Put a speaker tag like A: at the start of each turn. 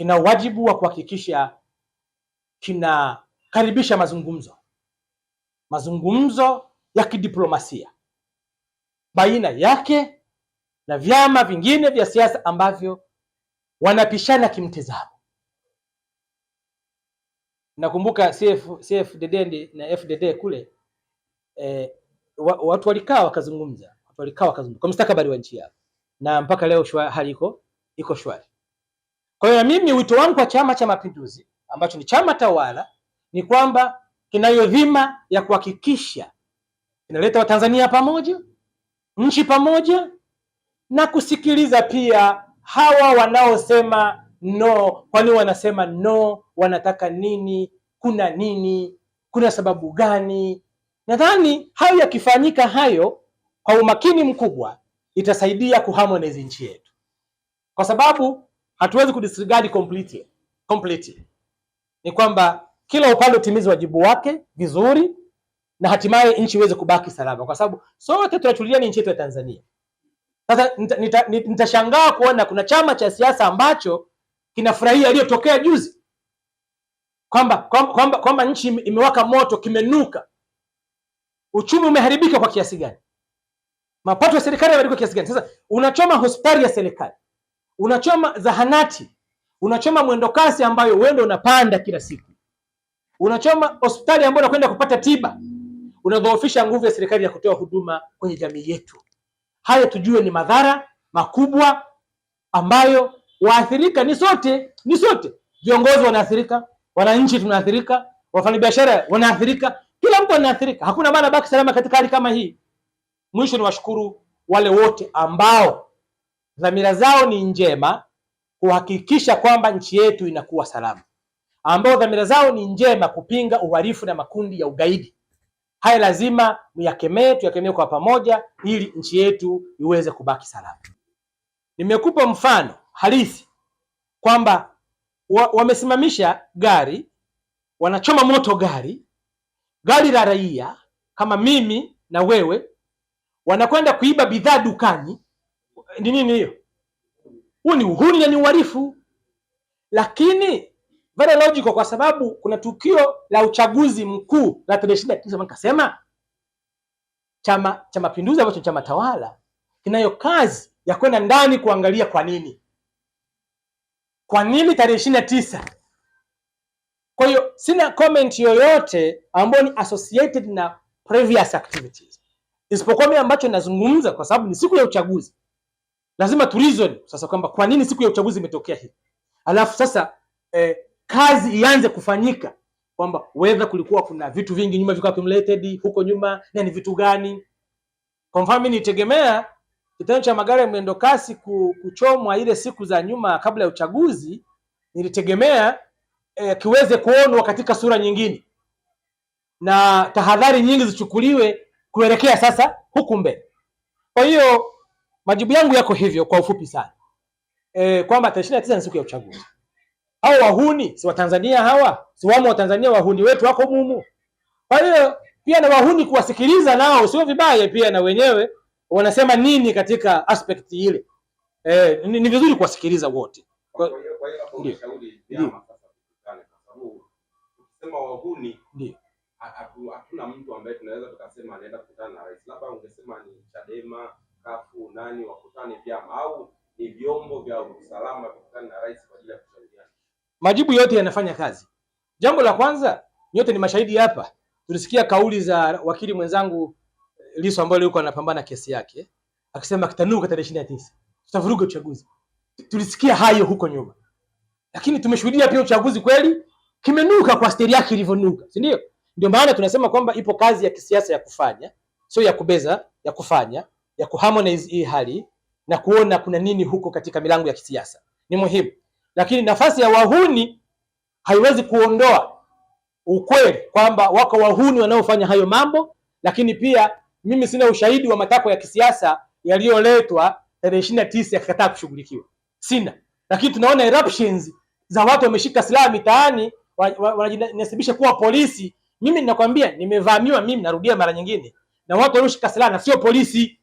A: kina wajibu wa kuhakikisha kinakaribisha mazungumzo, mazungumzo ya kidiplomasia baina yake na vyama vingine vya siasa ambavyo wanapishana kimtizamo Nakumbuka CF, CFDD na FDD kule eh, watu walikaa wakazungumza, watu walikaa wakazungumza kwa mustakabali wa nchi yao, na mpaka leo hali iko iko shwari. Kwa hiyo na mimi wito wangu kwa Chama cha Mapinduzi ambacho ni chama tawala ni kwamba kinayo dhima ya kuhakikisha inaleta Watanzania pamoja, nchi pamoja, na kusikiliza pia hawa wanaosema no. Kwani wanasema no, wanataka nini? Kuna nini? Kuna sababu gani? Nadhani hayo yakifanyika hayo kwa umakini mkubwa itasaidia kuharmonize nchi yetu, kwa sababu hatuwezi kudisregard completely. Completely ni kwamba kila upande utimize wajibu wake vizuri na hatimaye nchi iweze kubaki salama, kwa sababu sote tunachulia ni nchi yetu ya Tanzania. Sasa nitashangaa nita, nita kuona kuna chama cha siasa ambacho kinafurahia aliyotokea juzi kwamba kwamba kwamba nchi imewaka moto, kimenuka, uchumi umeharibika kwa kiasi gani, mapato ya serikali yameharibika kiasi gani. Sasa unachoma hospitali ya serikali unachoma zahanati, unachoma mwendokasi ambayo wewe ndio unapanda kila siku, unachoma hospitali ambayo unakwenda kupata tiba, unadhoofisha nguvu ya serikali ya kutoa huduma kwenye jamii yetu. Haya tujue ni madhara makubwa ambayo waathirika ni sote, ni sote. Viongozi wanaathirika, wananchi tunaathirika, wafanyabiashara wanaathirika, kila mtu anaathirika. Hakuna maana baki salama katika hali kama hii. Mwisho niwashukuru wale wote ambao dhamira zao ni njema kuhakikisha kwamba nchi yetu inakuwa salama, ambao dhamira zao ni njema kupinga uhalifu na makundi ya ugaidi. Haya lazima muyakemee, tuyakemee kwa pamoja ili nchi yetu iweze kubaki salama. Nimekupa mfano halisi kwamba wamesimamisha gari, wanachoma moto gari, gari la raia kama mimi na wewe, wanakwenda kuiba bidhaa dukani. Ni nini hiyo? Huu ni uhuni na ni uharifu lakini very logical, kwa sababu kuna tukio la uchaguzi mkuu la tarehe ishirini na tisa nikasema Chama cha Mapinduzi ambacho chama tawala kinayo kazi ya kwenda ndani kuangalia kwa nini, kwa nini tarehe ishirini na tisa. Kwa hiyo sina comment yoyote ambayo ni associated na previous activities isipokuwa mimi ambacho nazungumza kwa sababu ni siku ya uchaguzi lazima tu reason sasa kwamba kwa nini siku ya uchaguzi imetokea hii, alafu sasa eh, kazi ianze kufanyika kwamba wedha kulikuwa kuna vitu vingi nyuma accumulated huko nyuma na ni vitu gani. Kwa mfano, mimi nitegemea kitendo cha magari ya mwendo kasi kuchomwa ile siku za nyuma kabla ya uchaguzi, nilitegemea eh, kiweze kuonwa katika sura nyingine na tahadhari nyingi zichukuliwe kuelekea sasa huku mbele. Kwa hiyo Majibu yangu yako hivyo kwa ufupi sana e, kwamba tarehe ishirini na tisa ni siku ya uchaguzi. Hao wahuni si Watanzania hawa, si wamo Watanzania, wahuni wetu wako mumu. Kwa hiyo pia na wahuni kuwasikiliza nao sio vibaya, pia na wenyewe wanasema nini katika aspect ile e, ni, ni vizuri kuwasikiliza wote.
B: Hatuna mtu ambaye tunaweza tukasema anaenda kukutana na rais, labda ungesema ni Chadema kafu nani wakutane vyama au ni vyombo vya usalama vikutane na rais kwa ajili ya kushauriana?
A: Majibu yote yanafanya kazi. Jambo la kwanza, nyote ni mashahidi hapa, tulisikia kauli za wakili mwenzangu eh, Lissu ambaye yuko anapambana kesi yake akisema kitanuka tarehe 29 tutavuruga uchaguzi. Tulisikia hayo huko nyuma, lakini tumeshuhudia pia uchaguzi kweli kimenuka kwa steri yake ilivyonuka, si ndio? Ndio maana tunasema kwamba ipo kazi ya kisiasa ya kufanya, sio ya kubeza, ya kufanya ya kuharmonize hii hali na kuona kuna nini huko katika milango ya kisiasa ni muhimu, lakini nafasi ya wahuni haiwezi kuondoa ukweli kwamba wako wahuni wanaofanya hayo mambo, lakini pia mimi sina ushahidi wa matakwa ya kisiasa yaliyoletwa tarehe ishirini na tisa yakakataa kushughulikiwa, sina. Lakini tunaona eruptions za watu wameshika silaha mitaani, wanajinasibisha kuwa polisi. Mimi ninakwambia, nimevamiwa mimi, narudia mara nyingine, na watu walioshika silaha na sio polisi.